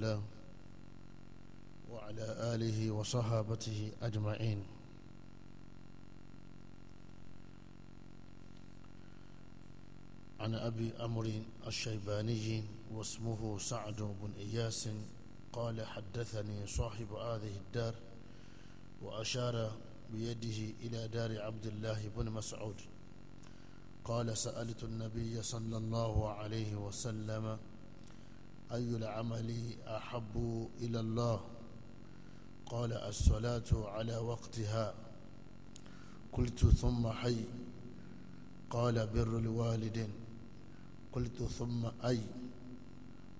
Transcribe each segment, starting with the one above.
الله وعلى آله وصحابته أجمعين عن أبي أمر الشيباني واسمه سعد بن إياس قال حدثني صاحب هذه الدار وأشار بيده إلى دار عبد الله بن مسعود قال سألت النبي صلى الله عليه وسلم أي العمل أحب إلى الله قال الصلاة على وقتها قلت ثم حي قال بر الوالد. قلت ثم أي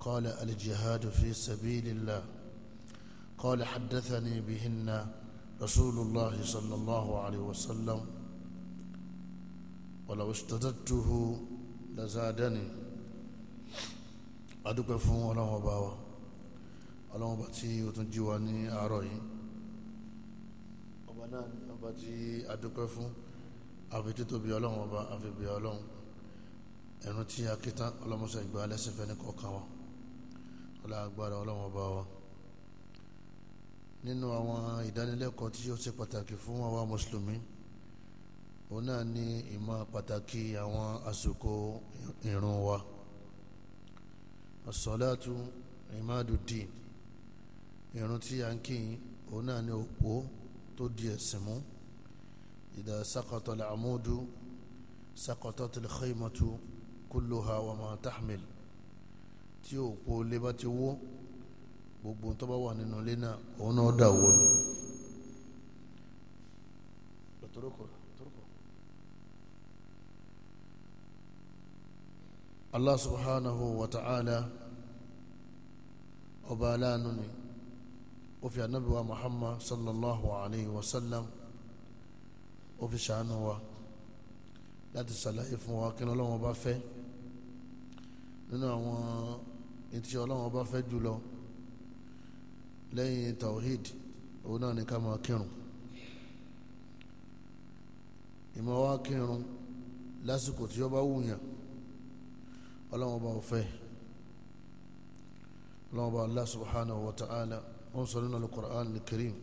قال الجهاد في سبيل الله قال حدثني بهن رسول الله صلى الله عليه وسلم ولو اشتددته لزادني adúpẹ́ fún ọlọ́run ọba wa ọlọ́run ọba tí ó tún jí wa ní àárọ̀ yìí ọba náà ni ọba tí adúpẹ́ fún àfi títóbi ọlọ́run ọba àfi bí tí a kí tán ọlọ́mọṣọ ìgbà lẹ́sìn fẹ́ ní kọ̀ọ̀kan wa ọlọ́àgbára ọlọ́run ọba wa nínú àwọn ìdánilẹ́kọ̀ọ́ tí ó ṣe pàtàkì fún àwa mùsùlùmí òun náà ni ìmọ̀ pàtàkì àwọn àsìkò ìrun wa asọ́látú ìmádùdín irun tí a ń kíyìn òun náà ní òpó tó di ẹ̀sìn mú ìdá sakọtọ̀lẹ̀ àmúdú sakọtọ̀tẹ̀lẹ̀ xeymatu kúlùhà wà máa tahmil tí òpó lé bá ti wó gbogbo tó bá wà nínú ilé náà òun náà dà wó ni. lọ́tọ́rọ́kọ̀ọ́ Allah subhanahu wa ta'ala ọba aláàánú ni ó fi ànábì wa Muhammad sallallahu alayhi wa sallam ó fi ṣàánú wa láti ṣàlàyé fún wa kí ni Ọlọ́run ọba fẹ́ nínú àwọn etí Ọlọ́run ọba fẹ́ jùlọ lẹ́yìn tawhid òun náà ni ká máa kírun ìmọ̀ wa kírun lásìkò tí ó wù yàn ọlọ́run ọba ọ̀fẹ́ ọlọ́run ọba Allah subhanahu wa ta'ala wọ́n sọ nínú al-Qur'an al-Karim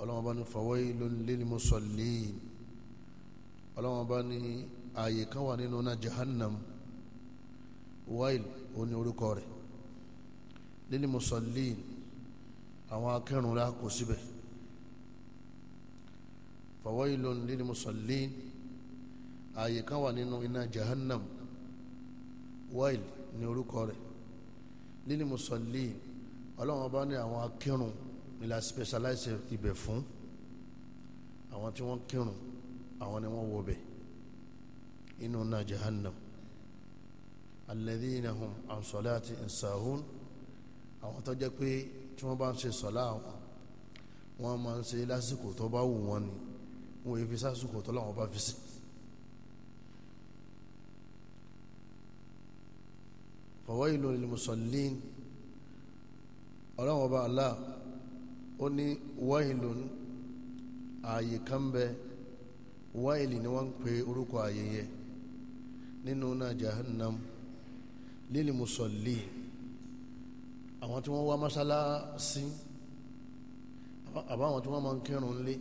ọlọ́run ọba ní fawailun lil musallin ọlọ́run ọba ní ààyè kan wà nínú náà jahannam wail òní orúkọ rẹ̀ lil musallin àwọn akẹ́rùnra kò síbẹ̀ fawailun lil musallin ààyè kan wà nínú iná jahannam wọ́ìl ní orúkọ rẹ̀ lílì mùsọ̀lì ọlọ́run ọba ní àwọn akírun nílà specialize ibẹ̀ fún àwọn tí wọ́n kírun àwọn ni wọ́n wọ bẹ̀ inú náà jahannam alladhina hum an salati insahun àwọn tó jẹ́ pé tí wọ́n bá ń ṣe sọ̀lá àwọn wọ́n máa ń ṣe lásìkò tó bá wù wọ́n ni wọ́n fi sásìkò tó láwọn bá fi sìn fawailun lil musallin ọlọ́run ọba Allah ó ní wailun ààyè kan bẹ wáìlì ni wọ́n ń pe orúkọ ààyè yẹn nínú náà jahannam lil musallin àwọn tí wọ́n wá mọ́sálásí àbáwọn tí wọ́n máa ń kírun ńlé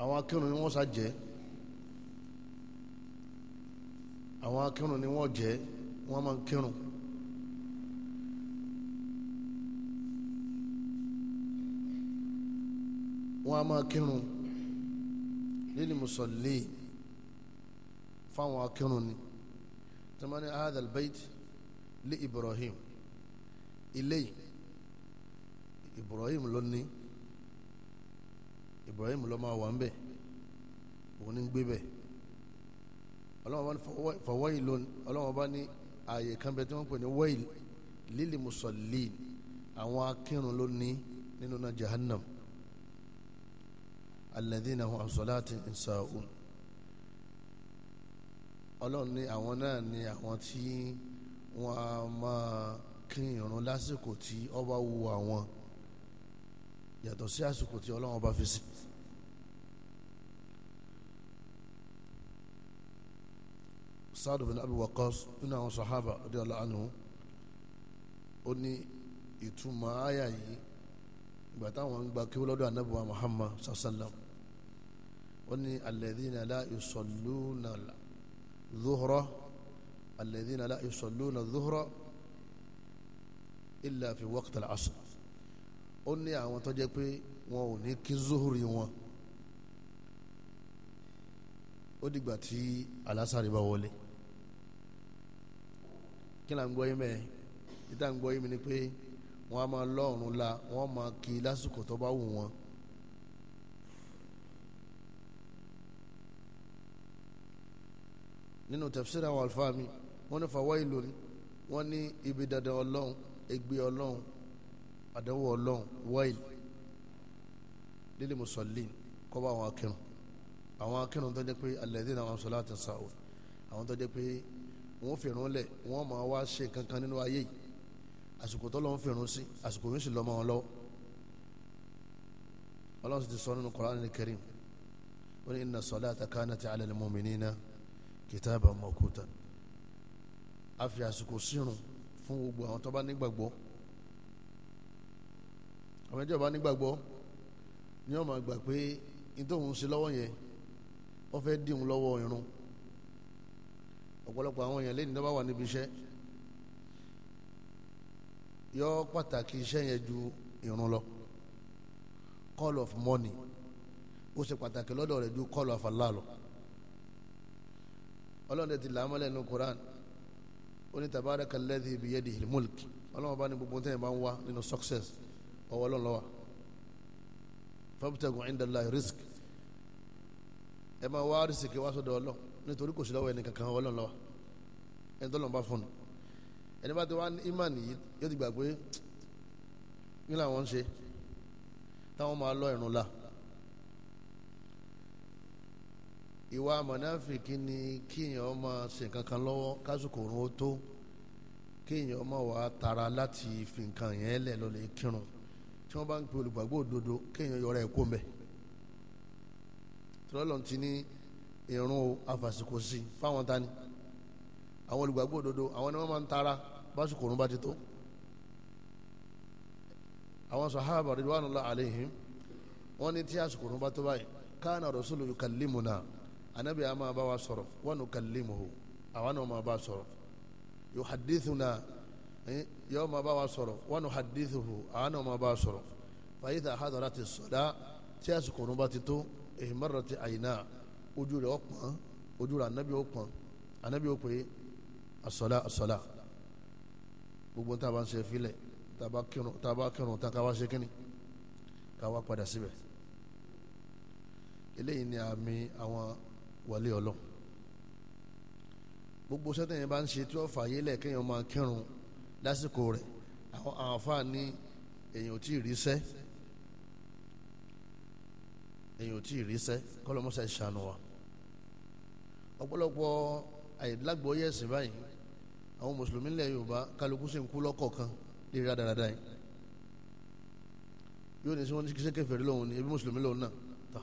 àwọn akírun ni wọ́n sá jẹ́ àwọn akírun ni wọ́n jẹ́ wọ́n máa ń kírun. wọ́n á máa kírun lílì mùsọ̀lì fáwọn akírun ni tí wọ́n ní ahadal bayt lé Ibrahim ilé Ibrahim ló ní Ibrahim ló máa wà ń òun ní gbé bẹ̀ ọlọ́wọ́n bá ní ààyè kan bẹ tí wọ́n pè ní wẹ́ẹ̀lì lílì mùsọ̀lìn àwọn akírun ló ní nínú náà jahannam alladhina hum an salatin sa'un ọlọ́run ní àwọn náà ní àwọn tí wọ́n á máa kín irun lásìkò tí ó bá àwọn yàtọ̀ sí àsìkò tí ọlọ́run bá fi sí Saad bin Abi Waqqas nínú àwọn sahaba radiyallahu anhu ó ní ìtumọ̀ àyà yìí ìgbà táwọn ń gba kí wọ́n lọ́dọ̀ anábìwá Muhammad sallam ó ní alladhina la yusalluna dhuhra alladhina la yusalluna dhuhra illa fi waqti al-asr ó ní àwọn tó jẹ́ pé wọn ò ní kí zuhuri wọn ó dìgbà tí alásàrè wọlé kí là ń gbọ́ yín mẹ́ẹ̀ níta ń gbọ́ yín mi ni pé wọ́n á máa lọ́ọ̀rùn la wọ́n á máa kí lásìkò tó bá wù wọ́n. nínú tafsira àwọn àlùfáà mi wọ́n ní fawailun wọ́n ní ibi dandan ọlọ́run ègbé ọlọ́run àdánwò ọlọ́run wáìl lílì mùsọ̀lìn kọ́ba àwọn akẹ́rùn àwọn akẹ́rùn tó jẹ́ pé alladhina àwọn sọ̀lá àti sàwọ̀ àwọn tó jẹ́ pé wọ́n fìrún lẹ̀ wọ́n máa wá ṣe kankan nínú ayé yìí àsìkò tó lọ́n fìrún sí àsìkò yóò sì lọ́mọ wọn lọ́wọ́ ọlọ́run sì ti sọ nínú Qur'anul Karim ó ní inna salata kanat ala al-mu'minina kitaban mawquta a fi àsìkò sírun fún gbogbo àwọn tó bá nígbàgbọ́ àwọn ẹjọ́ bá nígbàgbọ́ ni wọ́n máa gbà pé ní tóun ṣe lọ́wọ́ yẹn wọ́n fẹ́ dí òun lọ́wọ́ irun ọ̀pọ̀lọpọ̀ àwọn èèyàn lẹ́yìn tó bá wà níbi iṣẹ́ yọ pàtàkì iṣẹ́ yẹn ju ìrun lọ call of money ó ṣe pàtàkì lọ́dọ̀ rẹ̀ ju call of Allah lọ ọlọ́run ti làámọ́lẹ̀ nínú Quran ó ní tabaraka alladhi biyadihi al-mulk ọlọ́run bá ní gbogbo tẹ́yìn bá ń wá nínú success ọwọ́ ọlọ́run ló wà fabtagu inda Allahi rizq ẹ máa wá rísìkì wá sọ́dọ̀ ọlọ́run nítorí kò sí lọ́wọ́ ẹnì kankan Ọlọ́run lọ́wọ́ ẹni tó lọ́n bá fún un ẹni bá ti wá ní imán yìí yóò ti gbà pé kí làwọn ń ṣe táwọn máa lọ ìrun la ìwà mọ̀náfìkì ni kíyàn máa ṣe nǹkan kan lọ́wọ́ kásìkò òrùn ó tó kéèyàn máa wà á tara láti fi nǹkan yẹn lẹ̀ lọ́lẹ̀ kírun tí wọ́n bá ń pe olùgbàgbọ́ òdodo kéèyàn yọra ẹ̀ kó mbẹ́ tọ́lọ́lọ́n ti ní irun afàsìkò sí fáwọn tani àwọn olùgbàgbọ́ òdodo àwọn ni wọ́n máa ń tara básìkò òrùn bá ti tó àwọn sahaba ridwanullahi alaihim wọ́n ní tí àsìkò òrùn bá tó báyìí kana rasulu yukallimuna anabi a máa bá wa sọ̀rọ̀ wa nukallimuhu àwa náà máa bá a sọ̀rọ̀ yuhaddithuna eh, yóò máa bá wa sọ̀rọ̀ wa nuhaddithuhu àwa náà máa bá a sọ̀rọ̀ fa idha hadarati as tí àsìkò òrùn bá ti tó ihmarrat aynaa ojú rẹ̀ ọ̀pọ̀n ojú rẹ̀ anabi ọ̀pọ̀n anabi ó pè asọ́lá asọ́lá gbogbo tá a bá ń ṣe filẹ̀ tá a bá kírun tá a bá kírun tá a káwá ṣe kínní káwá padà síbẹ̀ eléyìí ni àmì àwọn wàlé ọlọ́run gbogbo sẹ́tẹ̀yìn bá ń ṣe tí wọ́n fà yé lẹ̀ kéèyàn máa kírun lásìkò rẹ̀ àwọn àǹfààní èèyàn ò tí ì ríṣẹ́ èyàn ò tí ì ríṣẹ́ kọ́lọ́mọ́sẹ̀ ṣàánú wa ọ̀pọ̀lọpọ̀ àìlágbóyè ẹ̀sìn báyìí àwọn mùsùlùmí ilẹ̀ Yorùbá kálukú sì ń kú lọ́kọ̀ọ̀kan lè rí adáradá yìí yóò ní sí wọn ní kí sẹ́kẹ̀ fèrè lòun ni ebi mùsùlùmí lòun náà tà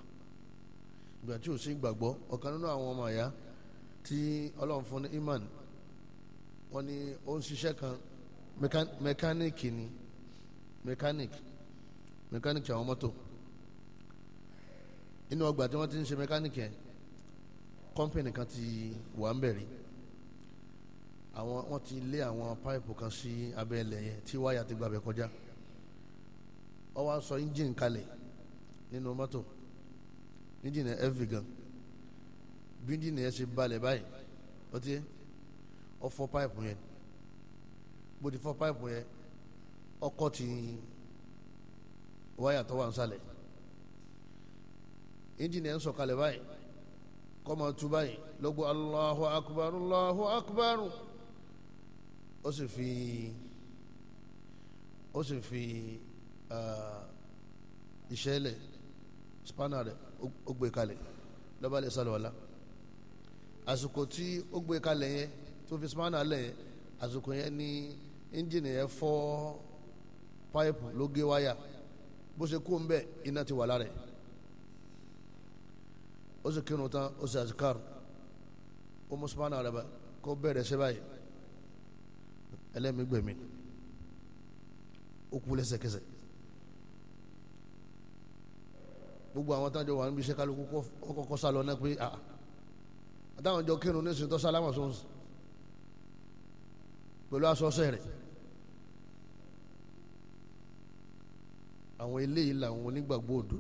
ìgbà tí ò sí gbàgbọ́ ọ̀kan nínú àwọn ọmọ àyà tí Ọlọ́run fún iman wọn ni ó ń ṣiṣẹ́ kan mẹkáníìkì ni mẹkáníìkì mẹkáníìkì àwọn mọ́tò inú ọgbà tí wọ́n ti ń ṣe mẹkáníìkì yẹn kọ́ńpìnì kan ti wà ń bẹ̀rẹ̀ àwọn wọ́n ti lé àwọn páìpù kan sí abẹ́ ilẹ̀ yẹn tí wáyà ti gbàbẹ̀ kọjá wọ́n wá sọ engine kalẹ̀ nínú mọ́tò engine yẹn heavy gan bí engine yẹn ṣe balẹ̀ báyìí ó ti ó fọ́ páìpù yẹn bó ti fọ́ páìpù yẹn ọkọ̀ ti wáyà tó wà ń sàlẹ̀ engine nso kale kọma kɔma tu bayi logo alahu akubaru alahu akubaru o si fi o si fi isɛlɛ spana rɛ o gbe kale lɔba le salo ala asuko ti o gbe kale yɛ to fi spana lɛ asuko yɛ ni engine yɛ fɔ paipu loge waya bó se kó n bɛ iná ti wà ó sì kírun tán ó sì azikar ó mú sùpánà rẹ̀ bá kó bẹ̀rẹ̀ ṣe báyìí ẹlẹ́mìí gbẹ̀mí ó kú lẹ́sẹ̀kẹsẹ̀ gbogbo àwọn tájọ wà níbi iṣẹ́ kálukú kọ́kọ́ sálọ náà pé àà ah, ah. àtàwọn jọ kírun nísìnyí tó sálámà sọ́n pẹ̀lú asọ́sẹ́ rẹ̀ àwọn eléyìí làwọn onígbàgbọ́ òdodo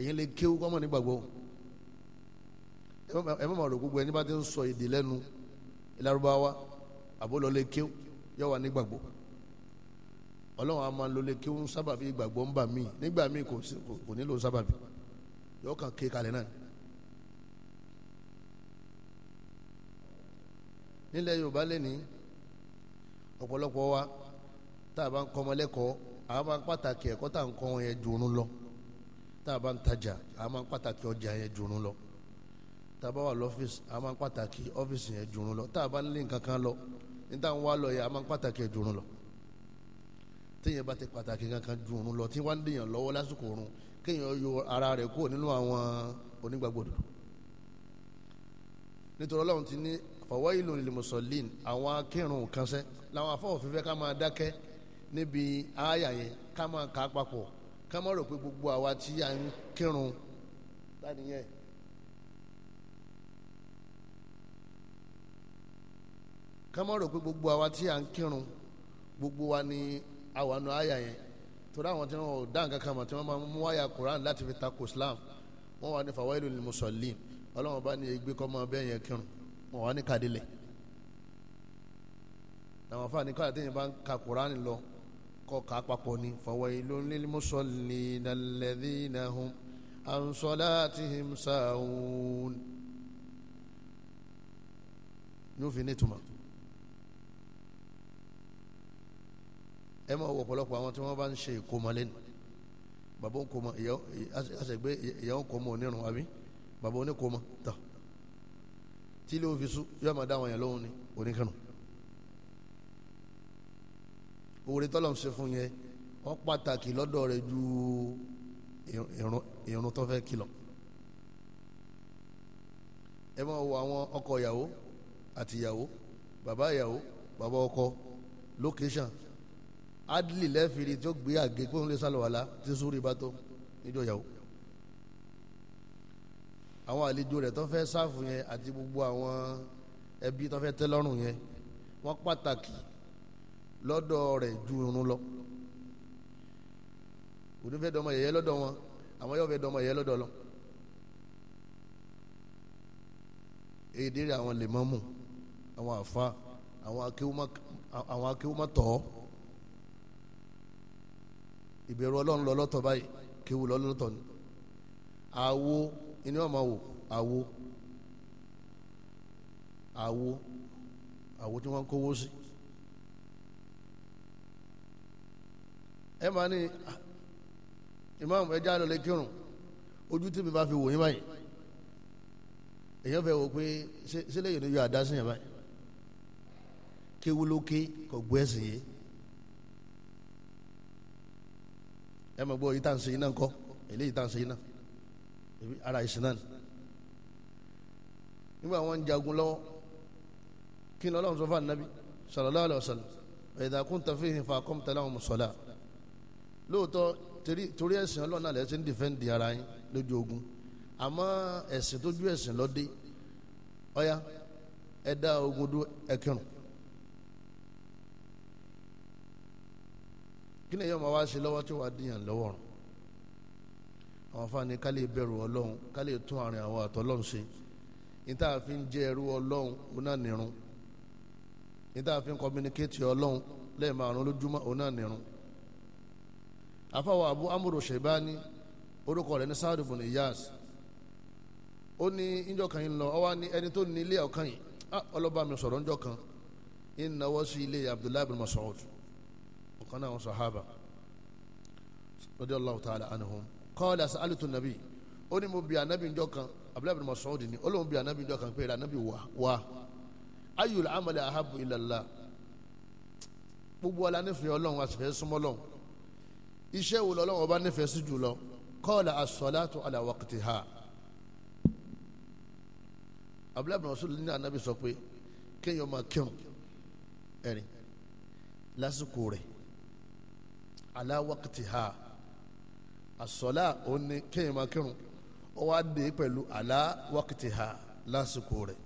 èyí lè kéwú kọ́mọ̀ nígbàgbọ́ ẹ má máa rò gbogbo ẹni bá ti ń sọ èdè lẹ́nu ìlarubawa àbólọ́ lè kéwú yọ wà nígbàgbọ́ ọlọ́run a máa lo lè kéwú sábàbí ìgbàgbọ́ ń bà mí nígbà míì kò nílò sábàbí yọ kàn ké kalẹ̀ náà. nílẹ̀ yorùbá lẹ́ni ọ̀pọ̀lọpọ̀ wa tá a bá ń kọ́ ọmọ lẹ́kọ̀ọ́ àwọn pàtàkì ẹ̀kọ́ tá à ń kọ́ wọn yẹn jù lọ tá a bá ń tajà a máa ń pàtàkì ọjà yẹn jùrún lọ tá a bá wà lọ́fíìsì a máa ń pàtàkì ọ́fíìsì yẹn jùrún lọ tá a bá nílé nǹkan kan lọ níta ń wá lọ yẹn a máa ń pàtàkì jùrún lọ téèyàn bá ti pàtàkì kankan jùrún lọ tí wọ́n ń dèèyàn lọ́wọ́ lásìkò oorun kéèyàn yọ ara rẹ̀ kúrò nínú àwọn onígbàgbọ́dọ̀ nítorí ọlọ́run ti ní fawailu lil musallin àwọn akẹ́rùn kan sẹ́ làwọn afọ́ òfin fẹ́ ká máa dákẹ́ níbi ááyà yẹn ká máa kà á papọ̀ ká má rò pé gbogbo àwa tí à ń kírun lánìyẹn. ká má rò pé gbogbo àwa tí à ń kírun gbogbo wa ni àwa nù àyà yẹn torí àwọn tí wọn ò dá nǹkan kan mọ̀ tí wọ́n máa mú àyà Quran láti fi takò Islam wọ́n wà ní fawailul lil musallin ọlọ́wọ́n bá ní egbé kọ́ mọ́ bẹ́ẹ̀ yẹn kírun wọ́n wà ní kadilẹ̀ làwọn fáà ní kọ́lá téèyàn bá ń ka Quran lọ kọ́ka papọ̀ ni fawailun lil musallina alladhina hum an salatihim sahun ní òfin nítumọ̀ ẹ máa wọ ọ̀pọ̀lọpọ̀ àwọn tí wọ́n bá ń ṣe ìkómọ lẹ́nu bàbá òǹkómọ àṣẹgbé ìyá òǹkómọ onírun àbí bàbá oníkómọ tà tí ilé òfin sùn yóò máa dá àwọn yẹn lóhùn ní oníkànnù oore tọ́lọ̀ ń ṣe fún yẹn ó pàtàkì lọ́dọ̀ rẹ̀ ju ìrun tó fẹ́ kìlọ̀ ẹ máa wo àwọn ọkọ ìyàwó àti ìyàwó bàbá ìyàwó bàbá ọkọ location adli lẹ́fìrí tó gbé àgé kó ń lè sálọ̀wàlá tí sórí bá tó níjọ́ ìyàwó àwọn àlejò rẹ̀ tó fẹ́ sáfù yẹn àti gbogbo àwọn ẹbí tó fẹ́ tẹ́lọ́rùn yẹn wọ́n pàtàkì lọ́dọ̀ rẹ̀ ju irun lọ onífẹ́ dọmọ yẹyẹ lọ́dọ̀ wọn àwọn yóò fẹ́ dọmọ yẹyẹ lọ́dọ̀ lọ èdè rẹ̀ àwọn lèmọ́mù àwọn àfa àwọn akéwùmọ́tọ̀ ìbẹ̀rù ọlọ́run lọ lọ́tọ̀ báyìí kéwù lọ lọ́tọ̀ ni àwo ìní ọmọ wò àwo àwo àwo tí wọ́n kówó sí. ẹ máa ní imam ẹja lọlẹ kírun ojú tí mi bá fi wò yín báyìí èèyàn fẹ́ wò pé sílẹ̀ yìí ni yóò àdá sí yẹn báyìí kéwúlóké kò gbọ́ ẹ̀sìn yìí ẹ máa gbọ́ yìí tá à ń ṣe yín náà kọ́ ara ìsìn náà nígbà wọn ń jagun lọ́wọ́ kí ni ọlọ́run sọ fún ànábì sallallahu alaihi wasallam wa idha kunta fihim fa aqamta lóòótọ́ torí ẹ̀sìn ọlọ́run náà lẹ́sìn dìfẹ́ǹdì ara yín lójú ogun àmọ́ ẹ̀sìn tójú ẹ̀sìn lọ́dẹ ọ̀ya ẹ dá ogun dúró ẹ kírun kí ni èèyàn máa wá ṣe lọ́wọ́ tí wàá dìyàn lọ́wọ́ rùn àwọn afáàní ká lè bẹ̀rù ọlọ́run ká lè tún àárín àwọn àtọ́lọ́run ṣe níta fi ń jẹ́ ẹrú ọlọ́run òun náà nìrun níta fi ń communicate ọlọ́run lẹ́ẹ̀márùn lójúmọ́ òun náà nìrun afáwọ abu amuru shebani orúkọ rẹ̀ ní saadu bùn iyas ó ní ìjọ kan yìí lọ ọ wá ní ẹni tó ní ilé ọkàn yìí ah, ọlọ́ba mi sọ̀rọ̀ ńjọ kan ń náwó sí ilé abdullahi bin masoud ọ̀kan náà wọn sahaba radiyallahu ta'ala anhum qala sa'altu nàbí ó ní mo bi ànábì ńjọ kan abdullahi bin masoud ni ó lóun bi ànábì ńjọ kan pé ànábì wà wà ayyul amali ahabu ilallah gbogbo ala ọlọ́run àti fẹ́ súnmọ́ iṣẹ́ wo lọ́lọ́run ọba nífẹ̀ẹ́ sí jùlọ kọ́ọ̀lá as-salatu ala waqtiha abdullahi bin rasul ní anabi sọ pé kéèyàn máa kírun ẹ̀rìn lásìkò rẹ̀ ala waqtiha as-sala òun ni kéèyàn máa kírun ó wá dé pẹ̀lú ala waqtiha lásìkò rẹ̀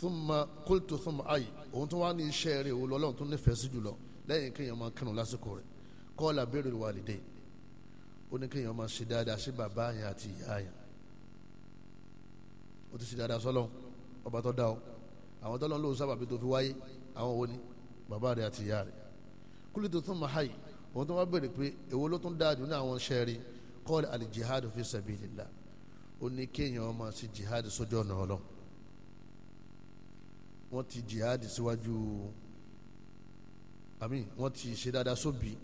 thumma qultu thumma ayi òun tó wá ní iṣẹ́ rẹ̀ òun lọ́lọ́run tó nífẹ̀ẹ́ sí jùlọ lẹ́yìn kéèyàn máa kírun lásìkò rẹ̀ kọ́ọ̀là béèrè wàlídé ó ní kéèyàn máa ṣe dáadáa sí bàbá yẹn àti ìyá yẹn ó ti ṣe dáadáa sọ́lọ́ ọba tó dá ọ àwọn tó lọ́n lóun sábàbí tó fi wáyé àwọn wo ni bàbá rẹ̀ àti ìyá rẹ̀ kúlì tó tún máa háyì òun tó wá béèrè pé èwo ló tún dáa jù ní àwọn iṣẹ́ rí kọ́ọ̀lì àlìjihad fi sabilillah ó ní kéèyàn máa ṣe jihad sójú ọ̀nà Ọlọ́run wọ́n ti jihad síwájú. Si àmì wọ́n ti ṣe dáadáa sóbì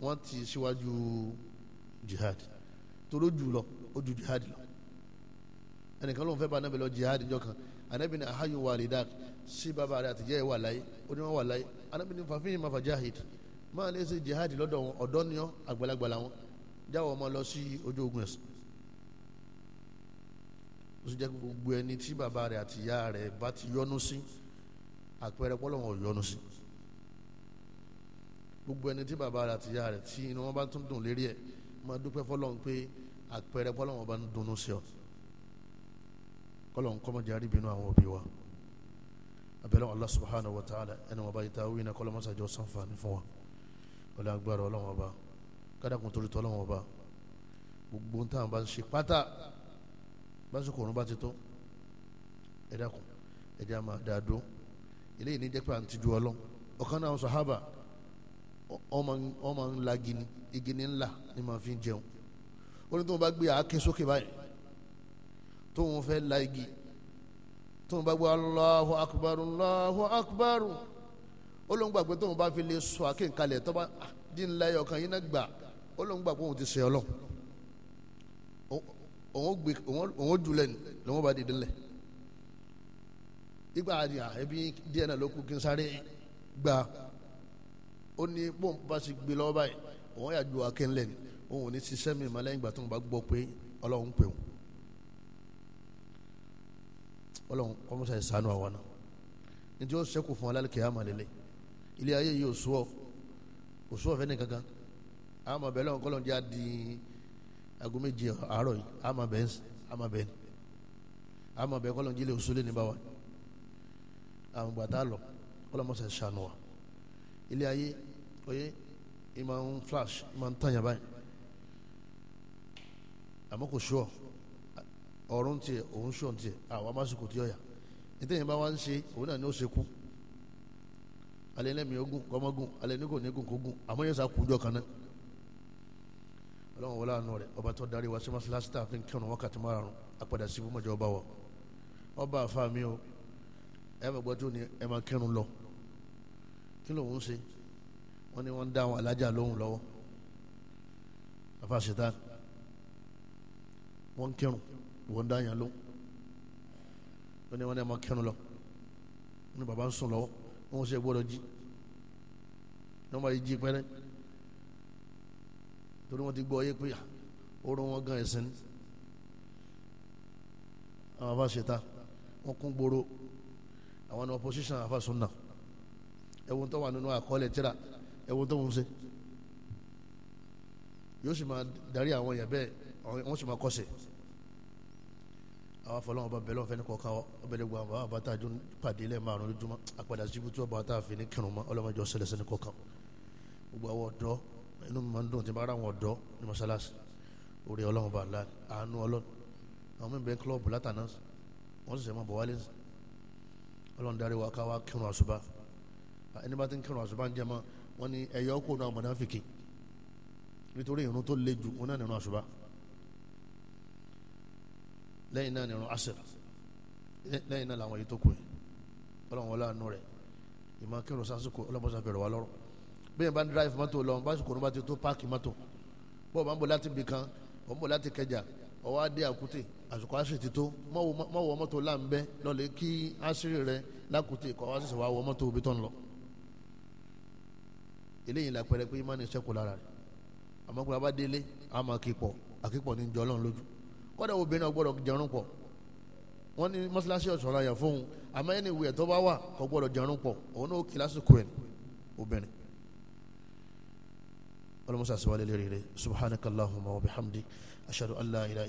wọ́n ti síwájú jihad toró jù lọ ó ju jihad lọ ẹnìkan ló ń fẹ́ bá anábì lọ jihad jọ kan anábì ní ahayu wàlídà sí bàbá rẹ àtijọ́ ẹ̀ wà láyé ó ní wọ́n wà láyé anábì ní fàfihàn máa fà jahid máa lè ṣe jihad lọ́dọ̀ wọn ọ̀dọ́ ni wọn àgbàlagbà làwọn jáwọ́ ọmọ lọ sí ojú ogun ẹ̀sìn ó jẹ́ gbogbo ẹni tí bàbá rẹ àtijọ́ rẹ bá ti yọnu sí àpẹẹrẹ pọ́lọ́wọ́n yọnu sí gbogbo ẹni tí bàbá rẹ̀ àti ìyá rẹ̀ tí inú wọn bá tún dùn lérí ẹ̀ máa dúpẹ́ fọlọ́run pé àpẹẹrẹ fọlọ́run bá ń dunnú sí ọ kọlọ́run kọ́mọdé àríbínú àwọn òbí wa abẹ́lẹ́ Allah subhanahu wa ta'ala ẹni wọn bá yìí táwọn iná kọ́lọ́ mọ́sàájọ́ sanfàní fún wa ọlọ́ agbára ọlọ́wọ́n ọba kádàkùn torí tọ́ ọlọ́wọ́n ọba gbogbo tá à ń bá ṣe pátá básìkò òrùn bá ti tó ẹ dákun ẹ jẹ́ dáadó eléyìí ní jẹ́ pé à ń tijú ọlọ́ ọ̀kan náà sàhábà wọ́n máa ń la gini igi ní ńlá ni màá fi jẹun ó ní tó ń bá gbé àáké sókè báyìí tó ń fẹ́ la igi tó ń bá gbé Allahu Akbar Allahu Akbar ó ló ń gbàgbé tó ń bá fi lè sọ àáké nkalẹ̀ tó bá di ah, ńlá yọ kan yín náà gbà ó ló ń gbàgbé òun ti sè ọ lọ òun gbé òun jùlẹ̀ ni lòun bá dìde lẹ̀ ìgbà àdìyà ẹbí díẹ̀ náà ló kú kí n sáré gbà ó ní bóun bá sì gbé lọ́wọ́ báyìí òun yà ju akínlẹ̀ ni òun ò ní ṣiṣẹ́ mi mọ́ lẹ́yìn ìgbà tó ń bá gbọ́ pé ọlọ́run pè wọ́n ọlọ́run kọ́mọ́sá ẹ̀ sànú àwọn náà nítorí ó ṣẹ́kù fún alálẹ́ kẹ́yà máa lélẹ̀ ilé ayé yìí ò sú ọ ò sú ọ fẹ́ nìkankan àmọ́ bẹ́ẹ̀ lọ́wọ́ kọ́lọ́n jẹ́ àdì aago méje àárọ̀ yìí àmọ́ bẹ́ẹ̀ àmọ́ bẹ́ẹ̀ kọ́lọ́n jẹ́ ilé òṣùlẹ̀ ní àwọn gbàtà lọ kọ́lọ́mọ́sá ẹ̀ sànú wa ilé ayé oye ìmọ̀ ń flash ìmọ̀ ń tàn yàn báyìí àmọ́ kò sùọ́ ọ̀run tiẹ̀ òun sùọ́ tiẹ̀ àwọn amásùkò tí ọ̀yà nítorí bá wá ń ṣe òun náà ni ó ṣe kú alẹ́ lẹ́mi ogun kọ́mọ́gun alẹ́ ní kò ní kò kógun àmọ́ yẹn sá kújọ kan náà ọlọ́run wọlé àánú rẹ̀ ọba tó darí wa sẹ́mọ́sí láti fi ń kírun wákàtí márùn-ún apàdà sí mọ́jọ ọba wọ ọba àfa mi o ẹ má gbọ́ tó ni ẹ má kírun lọ kí lóun ń ṣe wọ́n ní wọ́n ń dá àwọn alájà lóhùn lọ́wọ́ afa ṣetán wọ́n ń kírun wọ́n ń dá yàn lóhùn wọ́n ní wọ́n ní ẹ̀ máa kírun lọ wọ́n ní bàbá ń sùn lọ́wọ́ wọ́n ṣe gbọ́dọ̀ jí wọ́n máa jí pẹ́rẹ́ torí wọ́n ti gbọ́ ọyẹ́ pé orun wọn gan ẹ̀sìn ni àwọn afa ṣetán wọ́n kún gbòòrò àwọn ní opposition afa sunna ẹ̀wọ̀n tó wà nínú àkọọ́lẹ̀ tíra ẹ̀wọ̀n tó ń ṣe yóò sì máa darí àwọn èèyàn bẹ́ẹ̀ wọ́n sì máa kọ́sẹ̀ àwọn afọlọ́wọn bá bẹ̀rẹ̀ ọ̀fẹ́ ní kọ̀ọ̀kan ọbẹ̀ lè gba àwọn àbáta jù pàdé ilẹ̀ márùn lójúmọ́ àpàdà síbi ọba tá a fi ní kírun mọ́ ọlọ́mọdé ọ̀sẹ̀ lẹ́sẹ̀ ní kọ̀ọ̀kan gbogbo àwọn ọ̀dọ́ inú mi máa ń dùn tí n bá ara àwọn ọ̀dọ́ ní mọ́ṣáláṣí orí ọlọ́run bá la àánú ọlọ́run àwọn mẹ́bẹ̀ẹ́ kílọ̀bù látàná wọ́n sì sẹ́ mọ́ bọ̀ wálé ọlọ́run darí wa ká wá kírun àṣùbà ẹni wọ́n ní ẹ̀yọ́ kó nu amọ̀nàfìkì nítorí ìrun tó le jù wọn náà nínú àṣùbà lẹ́yìn náà nínú asẹ̀ lẹ́yìn náà làwọn èyí tó kù yìí ọlọ́run wọlé àánú rẹ̀ ìmọ̀ kírun sásìkò ọlọ́mọṣà bẹ̀rẹ̀ wá lọ́rùn bẹ́ẹ̀ bá ń drive mọ́tò lọ básìkò ní bá ti tó páàkì mọ́tò bọ́ọ̀ bá ń bọ̀ láti bì kan ọ̀ ń bọ̀ láti kẹjà ọwọ́ adé àkútè àsìkò àṣìṣe ti tó mọ́wọ́ mọ́tò láǹbẹ́ lọ́lẹ̀ kí àṣírí rẹ̀ lákùtè kọ́ wá ṣẹ̀ṣẹ̀ wá wọ mọ́tò òbí tó ń lọ eléyìí la pẹrẹ pé imáni sẹ́kù lára rẹ̀ àmọ́ pé abá délé àmọ́ akípọ̀ akípọ̀ ní jọ lọ́n lójú kọ́dà obìnrin náà gbọ́dọ̀ jẹun pọ̀ wọ́n ní mọ́ṣáláṣí ọ̀sán ọ̀la yàn fóun àmọ́ ẹni ìwé ẹ̀tọ́ bá wà kọ́ gbọ́dọ̀ jẹun pọ̀ òun náà kíláàsì kù ẹ̀ obìnrin. ولمسا سوالي لريري سبحانك اللهم وبحمدك أشهد أن لا إله